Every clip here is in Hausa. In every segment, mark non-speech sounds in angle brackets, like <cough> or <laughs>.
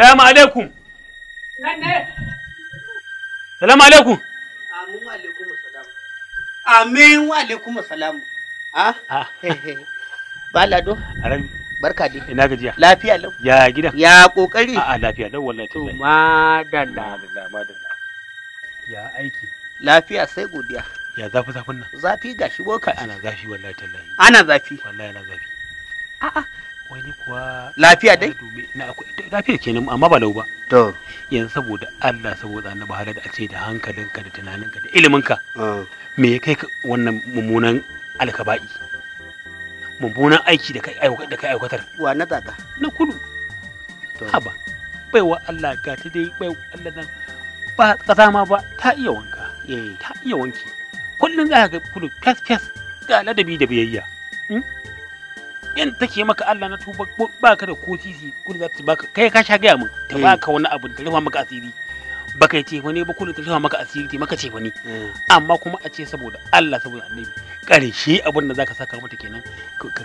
Salamu alaikum. Salamu alaikum. Amin wa alaikum salam. Amin wa alaikum salam. Ha? Balado. Arami. Barka dai. Ina gajiya. Lafiya lau. Ya gida? Ya kokari. A'a lafiya lau wallahi to madalla. Madalla madalla. Ya aiki. Lafiya sai godiya. Ya zafi zafin nan. Zafi gashi boka. Ana zafi wallahi tallahi. Ana zafi. Wallahi ana zafi. A'a wani kuwa lafiya dai lafiya kenan amma ba lau ba to yanzu saboda Allah saboda annabi halal a ce da hankalinka da tunaninka da iliminka ah. me ya kai wannan mummunan alkaba'i mummunan aiki da kai da aikatar wa na zaka na kudu haba baiwa Allah ga ta dai baiwa Allah nan ba kasa ma ba ta iya wanka eh. ta iya wanki kullum za ka kudu fes fes ga ladabi da biyayya in take maka Allah na tuba baka da koti sisi kun za ta baka kai ka sha gaya min ta hmm. baka wani abu ta rufa maka asiri baka ce wani ba kullum ta rufa maka asiri ta maka ce wani hmm. amma kuma a ce saboda Allah saboda annabi karshe abin da zaka saka mata kenan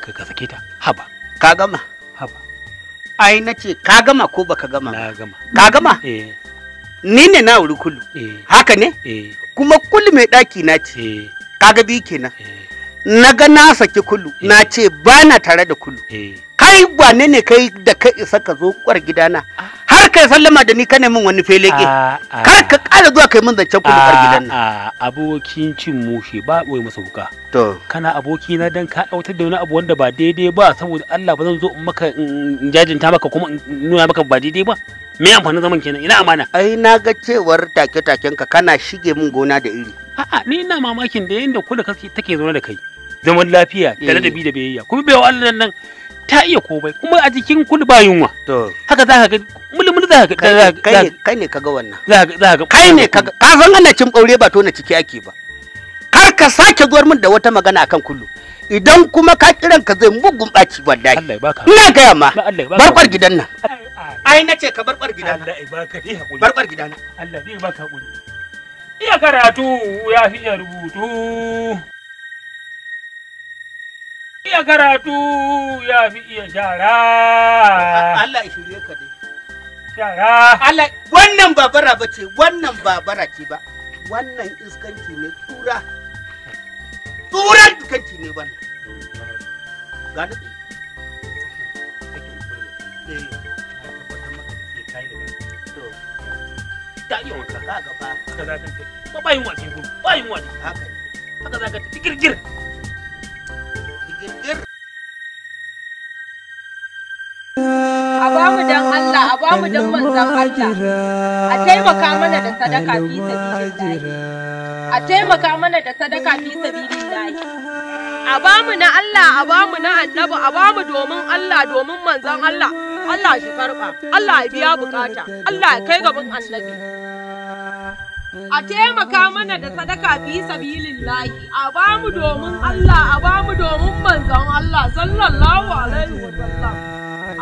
ka sake ta haba ka gama haba ai na ce ka gama ko baka gama na gama ka gama eh ni ne na wuri kullu eh. haka ne eh. kuma kullu mai daki na ce eh. kaga bi kenan na ga na saki kulu hmm. na ce ba na tare da kulu hmm. kai wane ne kai da ka isa ka zo kwar gidana ah. kar ka sallama da ni ka min wani feleke ah, ah. kar ka ƙara zuwa kai min zance ku da gidan nan ah, abokin cin mushe ba boye masa kuka to kana aboki na dan ka kautar da wani abu wanda ba daidai ba saboda Allah ba zan zo in maka in jajinta maka kuma in nuna maka ba daidai ba me amfanin zaman kenan ina amana ai na ga cewar take taken ka kana shige min gona da iri a'a ni ina mamakin da yanda kula kake take zaune da kai zaman lafiya da eh. bi da biyayya kuma bai wa Allah nan ta iya komai kuma a jikin kun ba yunwa haka za ka ga mulmul za ka ga kai ne kaga wannan za ka ga kai ne kaga ka san ana cin ɓaure ba to na ciki ake ba kar ka sake zuwar min da wata magana akan kullu idan kuma ka kiran ka zai mugun ɓaci wallahi Allah ya baka. ina gaya ma barkwar gidan nan ai na ce ka barkwar gidan nan. Allah ya baka ni hakuri barkwar gidan nan. Allah zai baka hakuri iya karatu ya fi rubutu iya karatu ya fi iya shara. Allah ya shirye ka dai. Shara. Allah wannan babara ba wannan babara ce ba. Wannan iskanci ne tura. Tura iskanci ne wannan. Gani? gaba. Haka za ka Ba ba Haka za ka dan Allah a bamu dan manzan Allah a taimaka mana da sadaka fi sabilillahi a taimaka mana da sadaka fi sabilillahi a bamu na Allah a bamu na annabi a bamu domin Allah domin manzan Allah Allah shi karba Allah ya biya bukata Allah ya kai gaban annabi a taimaka mana da sadaka fi sabilillahi a bamu domin Allah a bamu domin manzon Allah sallallahu alaihi wa sallam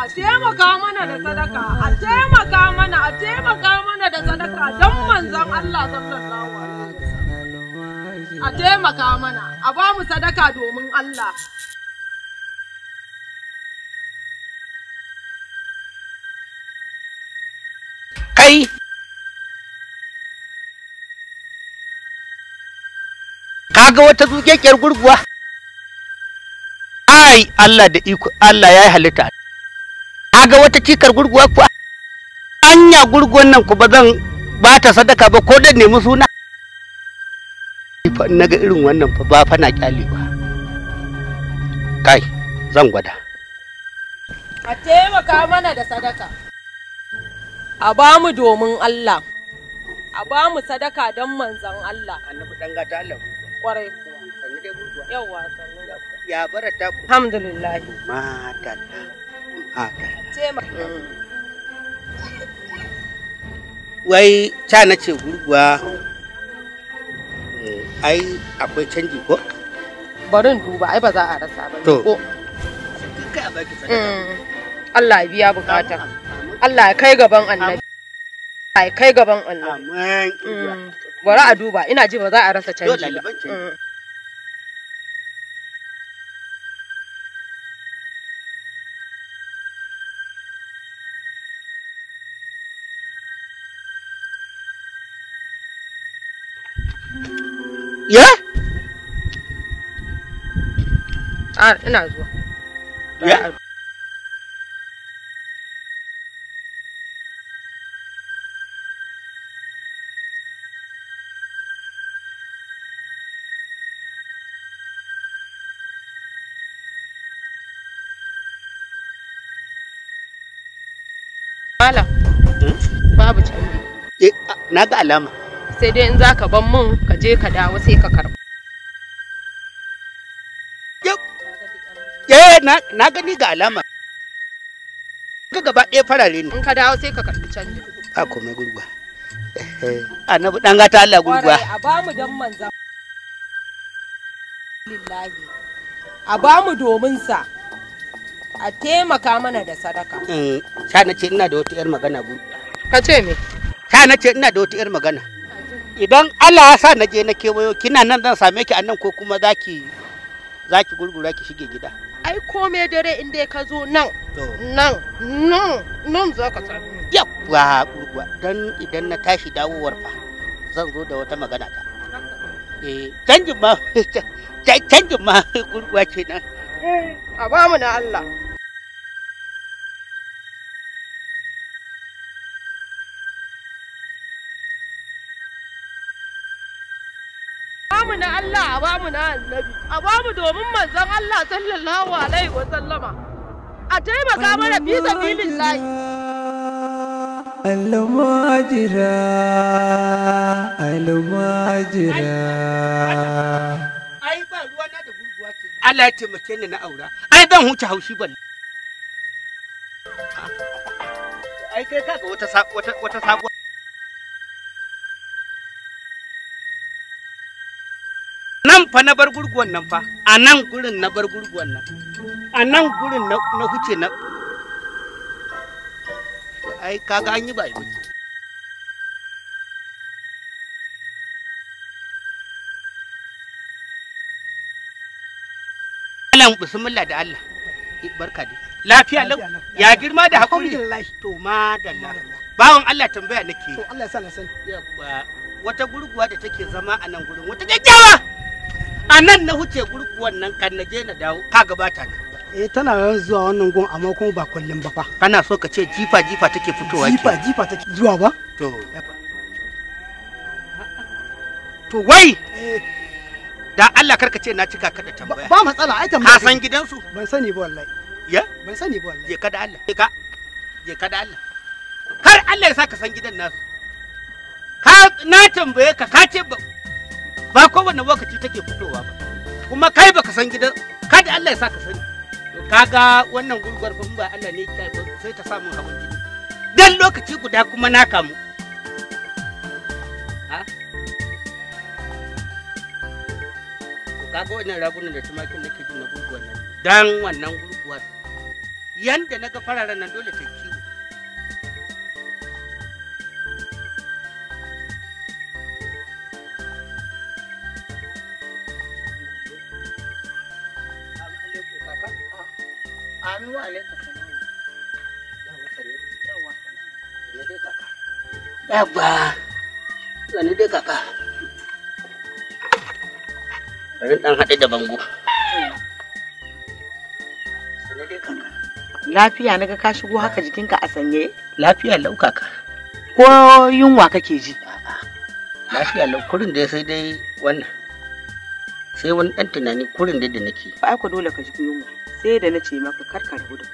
a taimaka mana da sadaka a taimaka mana a taimaka mana da sadaka don manzon Allah sallallahu alaihi a taimaka mana a ba mu sadaka domin Allah kai kaga wata zuƙeƙiyar gurguwa ai Allah da iko Allah ya yi halitta aga wata cikar gurguwa ku anya gurguwan nan ku ba zan ba ta sadaka ba ko dan nemi suna na ga irin wannan fa ba fana kyale ba kai zan gwada a taimaka mana da sadaka a ba mu domin Allah a ba mu sadaka don manzan Allah annabi dan ga ta Allah kwarai kuwa sanni dai gurguwa yawa sanni ya barata alhamdulillah ma ta Allah wai ta na ce gurguwa eh, ai akwai canji ko? barin duba ai ba za a rasa ba ko mm. Allah ya biya bukata Allah ya kai gaban annabi Allah ya kai gaban annabi mm. bari a duba ina ji ba za a rasa canji ba ya a ina zuwa ya Malam, hmm? babu canji. Eh, na ga alama. sai dai in za ka ban mun ka je ka dawo sai ka karɓa. Eh na gani ga alama. Ka gaba ɗaya farare ne. In ka dawo sai ka karɓi canji. A komai gurguwa. Eh, annabi ɗan gata Allah gurguwa. A ba mu dan manzan. Lillahi. A ba mu domin sa. A taimaka mana da sadaka. Eh, sha na ce ina da wata 'yar magana gurgwa. Ka ce me? Sha na ce ina da wata 'yar magana. idan Allah ya sa na je na kewayo kina nan zan same ki a ko kuma zaki zaki gurgura ki shige gida ai komai dare in dai ka zo nan nan nan nan za ka yawa gurgura dan idan na tashi dawowar fa zan zo da wata magana ta eh canjin ma <laughs> canjin ma <laughs> gurgura ce nan eh, a ba mu na Allah bamu na Allah a bamu na annabi a bamu domin manzon Allah sallallahu alaihi wa sallama a taimaka mana fi sabilillahi almajira almajira ai ba ruwa na da gurguwa Allah ya taimake ni na aura ai huce haushi ai kai ga wata wata fa na bar gurguwan nan fa a nan gurin na bar gurguwan nan a nan gurin na huce na ai kaga an yi ba yi Alan bismillah da Allah eh, barka dai lafiya lau ya girma da hakuri to madalla bawon Allah tambaya nake to Allah ya sa na sani wata gurguwa da take zama a nan gurin wata gaggawa a nan na huce gurguwan nan kan na je na dawo ka ta na eh tana yawan zuwa wannan gun amma kuma ba kullum ba fa kana so ka ce jifa jifa take fitowa jifa jifa take zuwa ba to to wai eh. da Allah karka ce na cika ka da tambaya ba matsala ai tambaya ka san gidansu ban sani ba wallahi ya ban sani ba wallahi je ka da Allah je ka je ka da Allah kar Allah ya saka san gidan nasu ka na tambaye ka ka ce ba kowane lokaci take fitowa ba kuma kai baka san gidan kada Allah ya sa ka sani kaga wannan gurguwar ba Allah ne ya ba sai ta samu hawan jini dan lokaci guda kuma na kamu ha to kaga wannan ragunan da tumakin nake jin na gurguwar nan dan wannan gurguwar yanda naga fararen nan dole take bango. Lafiya naga ka shigo haka jikinka a sanye? Lafiya lau kaka. Ko yunwa kake ji? Lafiya lau kurin da sai dai wannan. Sai wani ɗan tunani kurin da nake. Ba ai dole ka ji yunwa. sai da na ce maka karka rabu da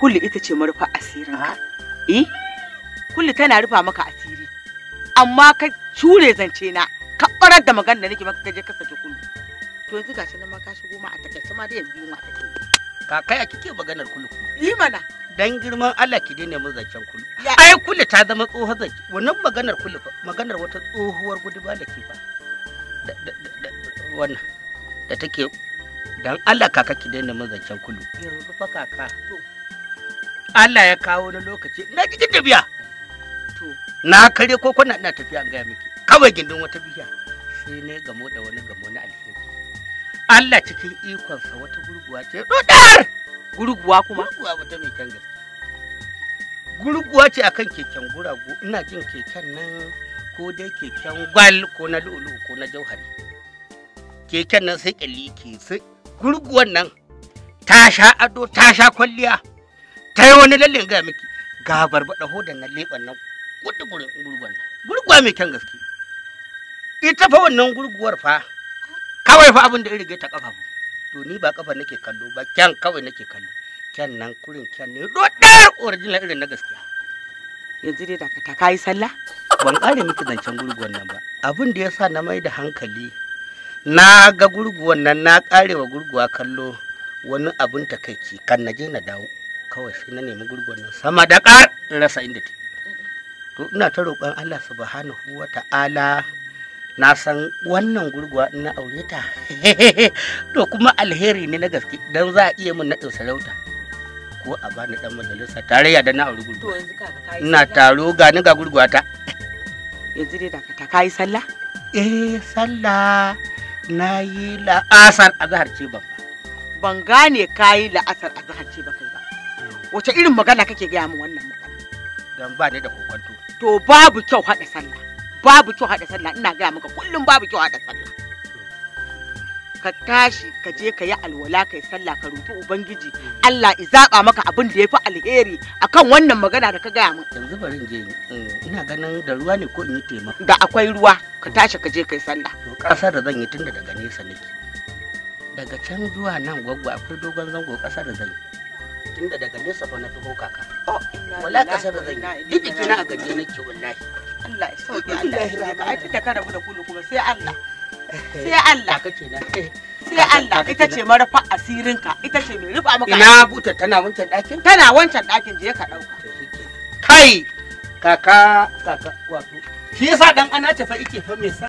kulli ita ce marufa asirin ka eh kulli tana rufa maka asiri amma ka cure zance na ka barar da magana da nake maka kaje ka sake kullu to yanzu gashi nan ma ka shigo ma a takaice ma da yanzu a take kai a kike maganar kullu yi mana dan girman Allah ki daina mu zancen kullu ai kullu ta zama tsohon zance wannan maganar kulli maganar wata tsohuwar ba da ke fa wannan da take Dan Allah kaka ki daina mun zancen kulu. Yanzu fa kaka. Allah ya kawo na lokaci na ji tafiya. biya. Na kare ko kuna ina tafiya an gaya miki. Kawai gindin wata biya. Sai ne gamo da wani gamo na alheri. Allah cikin ikonsa wata gurguwa ce dodar. Gurguwa kuma? Gurguwa wata mai kyan gaske. Gurguwa ce akan keken guragu ina jin keken nan ko dai keken gwal ko na lulu ko na jauhari. Keken nan sai kyalli ke sai gurguwan nan ta sha ado ta sha kwalliya ta yi wani lalle ga miki ga barbaɗa hodan nan leɓen nan gudu gurguwan nan gurguwa mai kyan gaske ita fa wannan gurguwar fa kawai fa abin da ya rige ta kafa to ni ba kafa nake kallo ba kyan kawai nake kallo kyan nan kurin kyan ne dodar original irin na gaskiya yanzu dai da ka ta kai sallah ban kare miki zancen gurguwan nan ba abin da ya sa na mai da hankali na ga gurguwan nan na karewa gurguwa kallo wani abin takaici kan na na dawo kawai sai na nemi gurguwan nan sama da kar rasa inda ta to ina ta roƙon Allah subhanahu wa ta'ala na san wannan gurguwa ina aure ta <laughs> to kuma alheri ne na gaske dan za a iya min na sarauta ko a bani dan majalisa tarayya da na aure gurguwa ina taro ga ni ga gurguwa ta yanzu dai da ka yi sallah eh sallah na yi la'asar azahar ce ba ban gane ka yi la'asar azahar ce ba kai ba wace irin magana kake gaya min wannan magana dan ba ne da kokonto to babu kyau hada sallah babu kyau hada sallah ina gaya maka kullum babu kyau hada sallah ka tashi ka je ka yi alwala ka yi sallah ka roki ubangiji Allah i zaba maka abin da yafi alheri akan wannan magana da ka gaya min yanzu bari in je eh, ina ganin da ruwa ne ko in yi tema da akwai ruwa ka tashi ka je ka yi sallah to kasar da zan yi tunda daga nesa nake daga can zuwa nan gwaggo akwai dogon zango kasar da zan yi tunda daga nesa fa na taho kaka oh, wala kasar da zan yi duk jikina a gaje nake wallahi Allah ya sauke Allah ya ka ai tunda ka rabu da kullu kuma sai Allah sai Allah eh. sai Allah ita ce marafa asirinka ita ce mai rufa maka ina buta tana wancan ɗakin tana wancan ɗakin je ka ɗauka kai kaka kaka wato shi yasa dan ana ce fa ike fa mai sa